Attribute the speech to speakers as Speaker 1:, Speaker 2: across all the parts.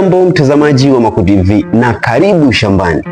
Speaker 1: Jambo mtazamaji wa Maco TV na karibu shambani.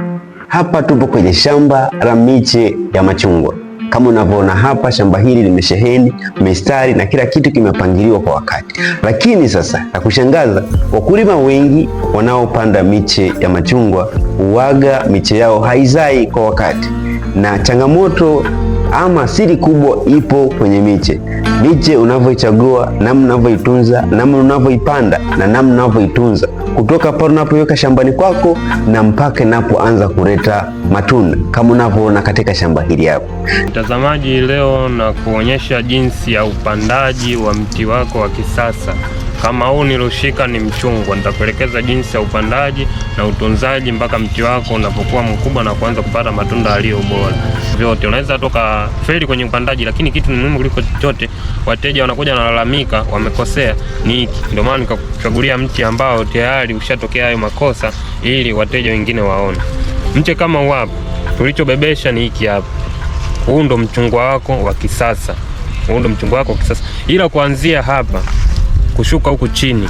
Speaker 1: Hapa tupo kwenye shamba la miche ya machungwa. Kama unavyoona hapa, shamba hili limesheheni mistari na kila kitu kimepangiliwa kwa wakati. Lakini sasa, la kushangaza, wakulima wengi wanaopanda miche ya machungwa huaga miche yao haizai kwa wakati, na changamoto ama siri kubwa ipo kwenye miche. Miche unavyoichagua, namna unavyoitunza, namna unavyoipanda na namna unavyoitunza, kutoka pale unapoiweka shambani kwako na mpaka inapoanza kuleta matunda kama unavyoona katika shamba hili hapo.
Speaker 2: Mtazamaji, leo na kuonyesha jinsi ya upandaji wa mti wako wa kisasa kama huu niloshika ni mchungwa. Nitakuelekeza jinsi ya upandaji na utunzaji mpaka mti wako unapokuwa mkubwa na kuanza kupata matunda yaliyo bora vyote. Unaweza toka feli kwenye upandaji, lakini kitu ni muhimu kuliko chochote, wateja wanakuja wanalalamika wamekosea, ni hiki. Ndio maana nikakuchagulia mti ambao tayari ushatokea hayo makosa, ili wateja wengine waone mche kama huu hapa. Tulichobebesha ni hiki hapa, huu ndo mchungwa wako wa kisasa, huu ndo mchungwa wako wa kisasa, ila kuanzia hapa kushuka huku chini,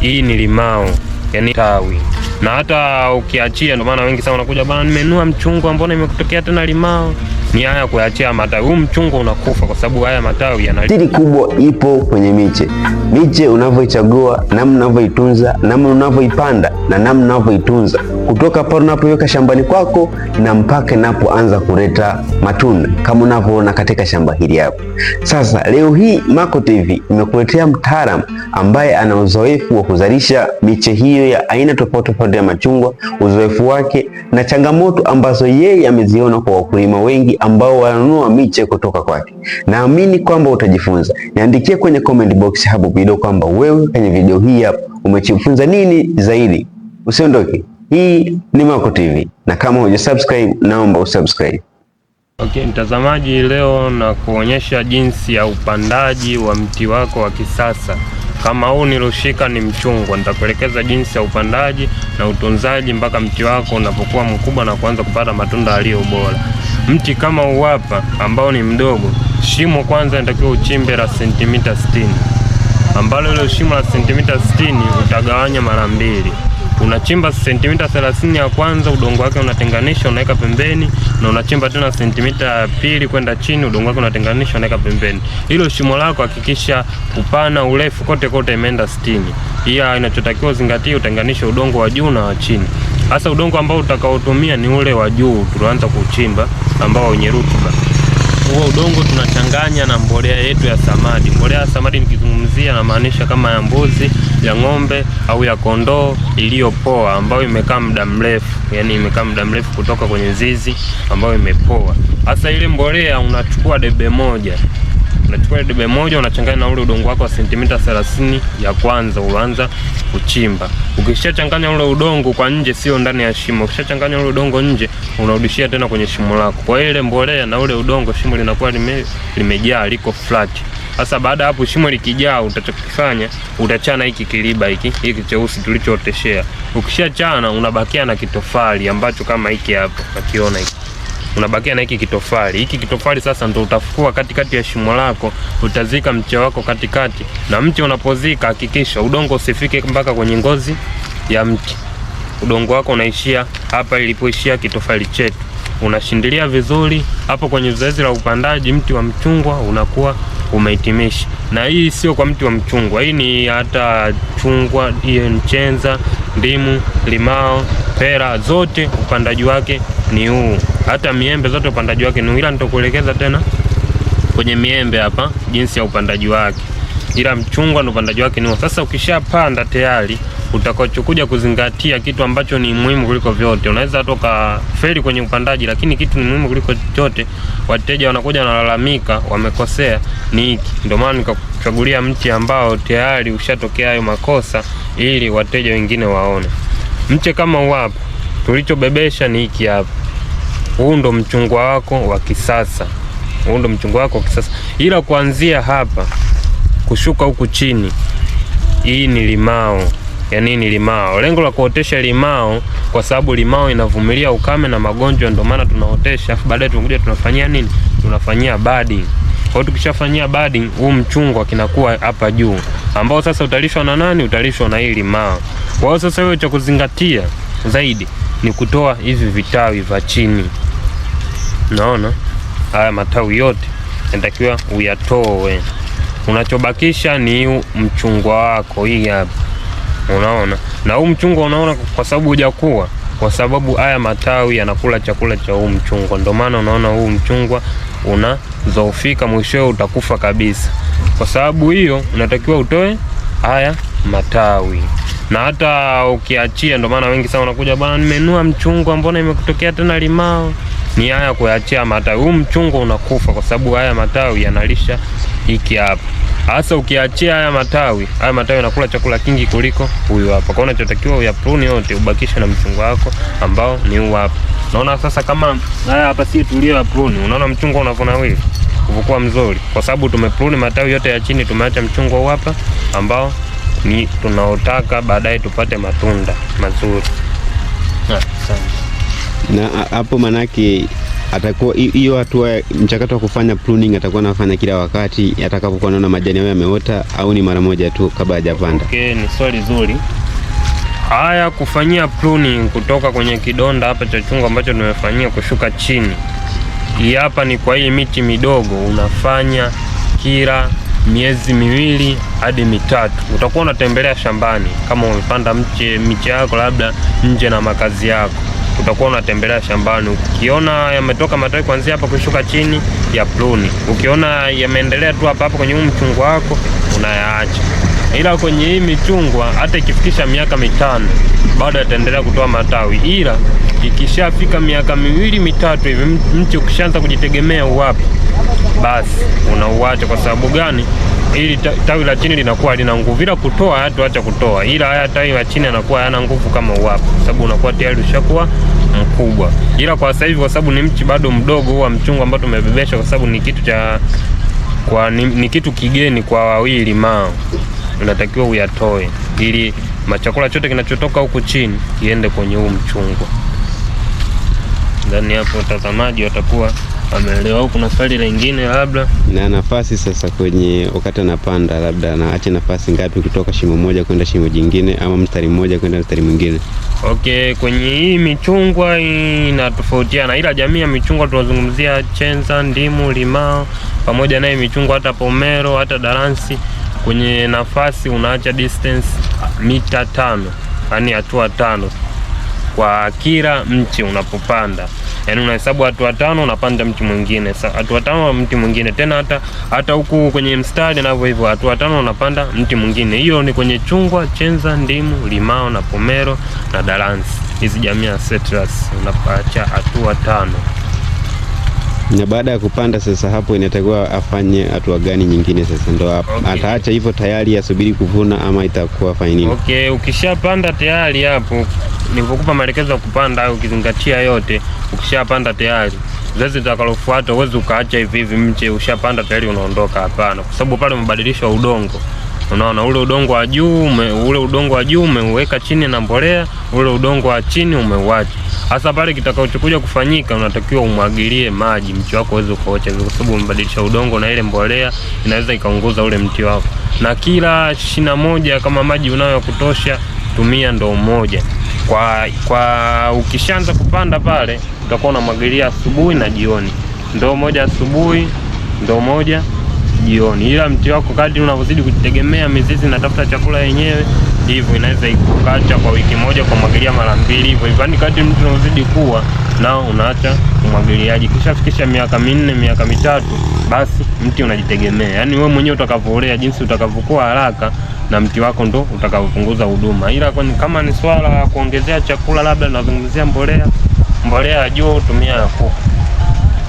Speaker 2: hii ni limao yani tawi. Na hata ukiachia, ndio maana wengi sana wanakuja bana, nimenua mchungwa, mbona imekutokea tena limao? Ni haya kuachia matawi, huu mchungwa unakufa kwa sababu haya matawi yana.
Speaker 1: Siri kubwa ipo kwenye miche. Miche unavyoichagua, namna unavyoitunza, namna unavyoipanda na namna unavyoitunza kutoka pale unapoweka shambani kwako na mpaka inapoanza kuleta matunda kama unavyoona katika shamba hili hapo. Sasa leo hii Maco TV imekuletea mtaalamu ambaye ana uzoefu wa kuzalisha miche hiyo ya aina tofauti tofauti ya machungwa, uzoefu wake na changamoto ambazo yeye ameziona kwa wakulima wengi ambao wananunua miche kutoka kwake. Naamini kwamba utajifunza. Niandikie kwenye comment box hapo video kwamba wewe kwenye video hii hapo umejifunza nini zaidi. Usiondoke. Hii ni Maco TV na kama hujasubscribe naomba usubscribe.
Speaker 2: Okay, mtazamaji, leo na kuonyesha jinsi ya upandaji wa mti wako wa kisasa. Kama huu niloshika ni mchungwa, nitakuelekeza jinsi ya upandaji na utunzaji mpaka mti wako unapokuwa mkubwa na kuanza kupata matunda yaliyo bora. Mti kama huu hapa ambao ni mdogo, shimo kwanza inatakiwa uchimbe la sentimita 60, ambalo ile shimo la sentimita 60 utagawanya mara mbili unachimba sentimita 30 ya kwanza, udongo wake unatenganisha, unaweka pembeni, na unachimba tena sentimita ya pili kwenda chini, udongo wake unatenganisha, unaweka pembeni. Hilo shimo lako hakikisha upana, urefu kote kote imeenda 60. Hiya inachotakiwa uzingatie, utenganishe udongo wa juu na wa chini. Hasa udongo ambao utakaotumia ni ule wa juu, tunaanza kuchimba, ambao wenye rutuba huo udongo tunachanganya na mbolea yetu ya samadi. Mbolea ya samadi nikizungumzia, namaanisha kama ya mbuzi, ya ng'ombe au ya kondoo iliyopoa, ambayo imekaa muda mrefu, yani imekaa muda mrefu kutoka kwenye zizi, ambayo imepoa. Hasa ile mbolea unachukua debe moja Unachukua debe moja unachanganya na ule udongo wako wa sentimita 30 ya kwanza uanza kuchimba. Ukishachanganya ule udongo kwa nje, sio ndani ya shimo. Ukishachanganya ule udongo nje, unarudishia tena kwenye shimo lako. Kwa ile mbolea na ule udongo, shimo linakuwa lime, limejaa liko flat. Sasa baada hapo shimo likijaa, utachokifanya utachana hiki kiliba hiki hiki cheusi tulichooteshea. Ukishachana unabakia na kitofali ambacho kama hiki hapo, nakiona hiki unabakia na hiki kitofali. Hiki kitofali sasa ndio utafukua katikati ya shimo lako, utazika mche wako katikati, na mche unapozika hakikisha udongo usifike mpaka kwenye ngozi ya mti. Udongo wako unaishia hapa ilipoishia kitofali chetu, unashindilia vizuri hapo. Kwenye zoezi la upandaji mti wa mchungwa unakuwa umehitimisha, na hii sio kwa mti wa mchungwa, hii ni hata chungwa, hiyo mchenza, ndimu, limao, pera, zote upandaji wake ni huu. Hata miembe zote upandaji wake ni ila nitakuelekeza tena kwenye miembe hapa jinsi ya upandaji wake, ila mchungwa ndo upandaji wake ni sasa. Ukishapanda tayari, utakachokuja kuzingatia kitu ambacho ni muhimu kuliko vyote, unaweza hata ukafeli kwenye upandaji, lakini kitu ni muhimu kuliko chote, wateja wanakuja wanalalamika wamekosea, ni hiki. Ndio maana nikakuchagulia mti ambao tayari ushatokea hayo makosa, ili wateja wengine waone. Mche kama huu hapa tulichobebesha ni hiki hapa huu ndo mchungwa wako wa kisasa, huu ndo mchungwa wako wa kisasa, ila kuanzia hapa kushuka huku chini, hii ni limao. Yani ni limao, lengo la kuotesha limao kwa sababu limao inavumilia ukame na magonjwa, ndio maana tunaotesha, afu baadaye tunakuja tunafanyia nini? Tunafanyia budding. Kwa hiyo tukishafanyia budding, huu mchungwa kinakuwa hapa juu, ambao sasa utalishwa na nani? Utalishwa na hii limao. Kwa hiyo sasa, hiyo cha kuzingatia zaidi ni kutoa hivi vitawi vya chini. Naona haya matawi yote inatakiwa uyatoe. Unachobakisha ni mchungwa wako, hii hapa, unaona. Na huu mchungwa unaona, kwa sababu hujakuwa, kwa sababu haya matawi yanakula chakula cha huu mchungwa, ndio maana unaona huu mchungwa unazofika mwishowe utakufa kabisa. Kwa sababu hiyo, unatakiwa utoe haya matawi na hata ukiachia, ndio maana wengi sana wanakuja bwana, nimenua mchungwa, mbona imekutokea tena limao? ni haya kuyaachia matawi. Huu mchungwa unakufa kwa sababu haya matawi yanalisha hiki hapa. Hasa ukiachia haya matawi, haya matawi yanakula chakula kingi kuliko huyu hapa. Kwa hiyo unachotakiwa uyaprune yote, ubakishe na mchungwa wako ambao ni huu hapa. Naona sasa kama haya hapa si tulio ya prune, unaona mchungwa unavunawili kuvukua mzuri, kwa sababu tumeprune matawi yote ya chini, tumeacha mchungwa huu hapa ambao ni tunaotaka baadaye tupate matunda mazuri.
Speaker 1: Asante na hapo manake atakuwa hiyo hatua mchakato wa kufanya pruning atakuwa anafanya kila wakati atakapokuwa naona majani hayo yameota, au ni mara moja tu kabla hajapanda?
Speaker 2: Okay, ni swali zuri. Haya, kufanyia pruning kutoka kwenye kidonda hapa cha chungu ambacho tumefanyia kushuka chini, hii hapa ni kwa hii miti midogo, unafanya kila miezi miwili hadi mitatu. Utakuwa unatembelea shambani, kama umepanda mche miche yako labda nje na makazi yako utakuwa unatembelea shambani, ukiona yametoka matawi kuanzia hapa kushuka chini ya pruni, ukiona yameendelea tu hapa hapa kwenye huu mchungwa wako unayaacha, ila kwenye hii michungwa hata ikifikisha miaka mitano bado yataendelea kutoa matawi, ila ikishafika miaka miwili mitatu hivi, mchi ukishaanza kujitegemea uwapi, basi unauacha. Kwa sababu gani? ili tawi la chini linakuwa lina nguvu, ila kutoa hata acha kutoa, ila haya tawi la chini yanakuwa hayana nguvu kama uwapo, kwa sababu unakuwa tayari ushakuwa mkubwa. Ila kwa sasa hivi, kwa sababu ni mchi bado mdogo wa mchungu ambao tumebebesha, kwa sababu ni kitu cha kwa, ni, ni kitu kigeni kwa wawili mao, unatakiwa uyatoe ili machakula chote kinachotoka huku chini kiende kwenye huu mchungwa. Ndani hapo watazamaji watakuwa ameelewa. Kuna swali lingine labda,
Speaker 1: na nafasi sasa kwenye wakati anapanda, labda anaache nafasi ngapi kutoka shimo moja kwenda shimo jingine, ama mstari mmoja kwenda mstari mwingine?
Speaker 2: Okay, kwenye hii michungwa inatofautiana, ila jamii ya michungwa tunazungumzia chenza, ndimu, limao pamoja naye michungwa, hata pomero, hata daransi. Kwenye nafasi unaacha distance mita tano, yani hatua tano kwa kila mti unapopanda yani unahesabu hatua watano, unapanda mti mwingine, watano wa mti mwingine tena, hata hata huku kwenye mstari navyo hivyo, hatua watano unapanda mti mwingine. Hiyo ni kwenye chungwa, chenza, ndimu, limao na pomero na dalansi, hizi jamii ya citrus unapacha hatua tano.
Speaker 1: Na baada ya kupanda sasa, hapo inatakiwa afanye hatua gani nyingine? Sasa ndo okay. Ataacha hivyo tayari asubiri kuvuna ama itakuwa fanya nini?
Speaker 2: Okay, ukishapanda tayari hapo nilivyokupa maelekezo ya kupanda, ukizingatia yote ukishapanda tayari zoezi litakalofuata uwezi ukaacha hivi hivi, mche ushapanda tayari unaondoka. Hapana, kwa sababu pale umebadilisha udongo. Unaona ule udongo wa juu, ule udongo wa juu umeuweka chini na mbolea, ule udongo wa chini umeuacha. Hasa pale kitakachokuja kufanyika, unatakiwa umwagilie maji mti wako uweze kuocha, kwa sababu umebadilisha udongo na ile mbolea inaweza ikaunguza ule mti wako. Na kila shina moja, kama maji unayo ya kutosha, tumia ndoo moja kwa, kwa ukishaanza kupanda pale utakuwa unamwagilia asubuhi na jioni, ndoo moja asubuhi, ndoo moja jioni, ila mti wako kadri unavyozidi kujitegemea, mizizi inatafuta chakula yenyewe, hivyo inaweza ikukata kwa wiki moja kwa mwagilia mara mbili hivyo hivyo, yaani kadri mtu unavyozidi kuwa nao unaacha umwagiliaji. Kishafikisha miaka minne, miaka mitatu, basi mti unajitegemea, yaani wewe mwenyewe utakavyoolea, jinsi utakavyokuwa haraka na mti wako ndo utakavyopunguza huduma. Ila kwenye, kama ni swala ya kuongezea chakula, labda tunazungumzia mbolea, mbolea ya juu tumia ya kuku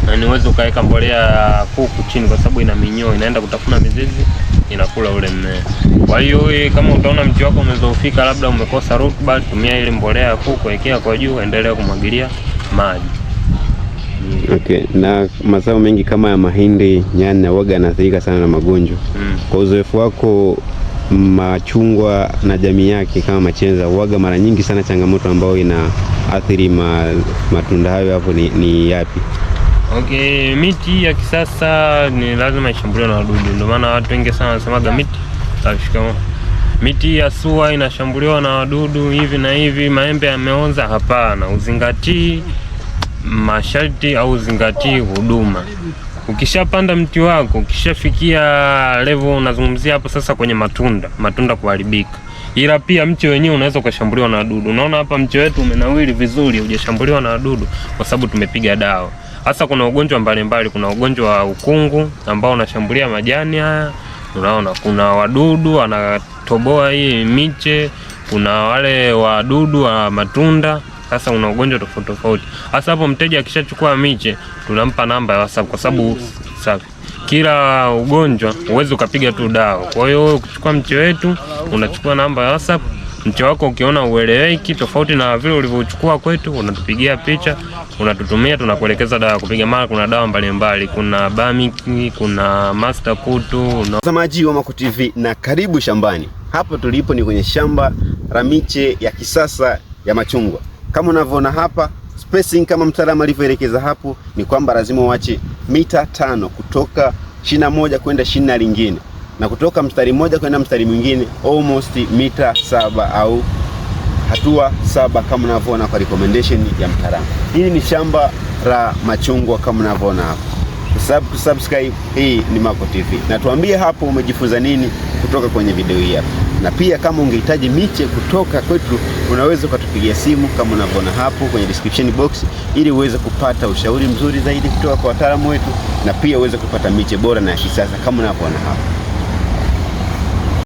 Speaker 2: na niweze ukaweka mbolea ya kuku chini, kwa sababu ina minyoo inaenda kutafuna mizizi inakula ule mmea. Kwa hiyo kama utaona mti wako umezofika, labda umekosa rutuba, tumia ile mbolea ya kuku, wekea kwa juu, endelea kumwagilia maji yeah.
Speaker 1: Okay. Na mazao mengi kama ya mahindi, nyanya waga yanaathirika sana na magonjwa mm. Kwa uzoefu wako machungwa na jamii yake kama machenza waga mara nyingi sana, changamoto ambayo inaathiri ma, matunda hayo hapo ni, ni yapi?
Speaker 2: Okay, miti ya kisasa ni lazima ishambuliwe na wadudu, ndio maana watu wengi sana wanasemaga miti. Shikamoo miti ya sua inashambuliwa na wadudu hivi na hivi, maembe yameonza. Hapana, uzingatii masharti au uzingatii huduma. Ukishapanda mti wako, ukishafikia level unazungumzia hapo sasa, kwenye matunda, matunda kuharibika, ila pia mti wenyewe unaweza ukashambuliwa na wadudu. Unaona hapa mti wetu umenawiri vizuri, hujashambuliwa na wadudu kwa sababu tumepiga dawa. Hasa kuna ugonjwa mbalimbali, kuna ugonjwa wa ukungu ambao unashambulia majani haya Unaona, kuna wadudu wanatoboa hii miche, kuna wale wadudu wa matunda. Sasa una ugonjwa tofauti tofauti. Hasa hapo mteja akishachukua miche, tunampa namba ya WhatsApp kwa sababu mm. sasa kila ugonjwa huwezi ukapiga tu dawa. Kwa hiyo ukichukua mche wetu unachukua namba ya WhatsApp mche wako ukiona ueleweki tofauti na vile ulivyochukua kwetu, unatupigia picha, unatutumia, tunakuelekeza dawa kupiga. Mara kuna dawa mbalimbali, kuna bamiki, kuna master kutu.
Speaker 1: Mtazamaji wa Maco TV na karibu shambani. Hapa tulipo ni kwenye shamba la miche ya kisasa ya machungwa. Kama unavyoona hapa spacing, kama mtaalamu alivyoelekeza hapo, ni kwamba lazima uache mita tano kutoka shina moja kwenda shina lingine na kutoka mstari mmoja kwenda mstari mwingine almost mita saba au hatua saba kama unavyoona kwa recommendation ya mtaalamu. Hili ni shamba la machungwa kama unavyoona hapo. Sub, subscribe. hii ni Maco TV na tuambie hapo umejifunza nini kutoka kwenye video hii hapa, na pia kama ungehitaji miche kutoka kwetu unaweza ukatupigia simu kama unavyoona hapo kwenye description box, ili uweze kupata ushauri mzuri zaidi kutoka kwa wataalamu wetu na pia uweze kupata miche bora na ya kisasa kama unavyoona hapo.